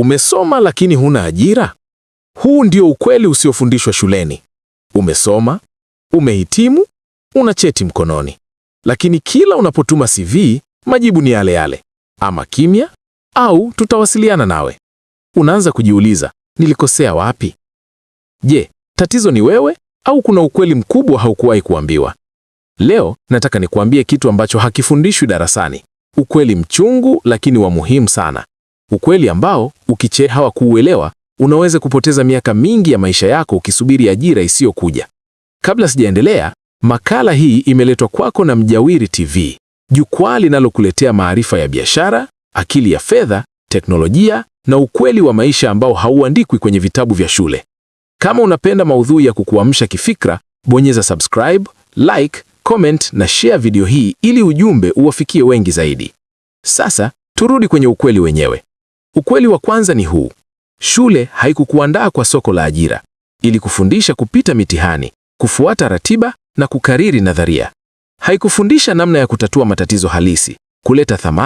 Umesoma lakini huna ajira? Huu ndio ukweli usiofundishwa shuleni. Umesoma, umehitimu, una cheti mkononi, lakini kila unapotuma CV majibu ni yale yale, ama kimya au tutawasiliana nawe. Unaanza kujiuliza, nilikosea wapi? Je, tatizo ni wewe au kuna ukweli mkubwa haukuwahi kuambiwa? Leo nataka nikuambie kitu ambacho hakifundishwi darasani, ukweli mchungu lakini wa muhimu sana ukweli ambao ukichehawa kuuelewa unaweza kupoteza miaka mingi ya maisha yako ukisubiri ajira isiyokuja. Kabla sijaendelea, makala hii imeletwa kwako na Mjawiri TV, jukwaa linalokuletea maarifa ya biashara, akili ya fedha, teknolojia na ukweli wa maisha ambao hauandikwi kwenye vitabu vya shule. Kama unapenda maudhui ya kukuamsha kifikra, bonyeza subscribe, like, comment na share video hii ili ujumbe uwafikie wengi zaidi. Sasa turudi kwenye ukweli wenyewe. Ukweli wa kwanza ni huu: shule haikukuandaa kwa soko la ajira, ilikufundisha kupita mitihani, kufuata ratiba na kukariri nadharia. Haikufundisha namna ya kutatua matatizo halisi, kuleta thamani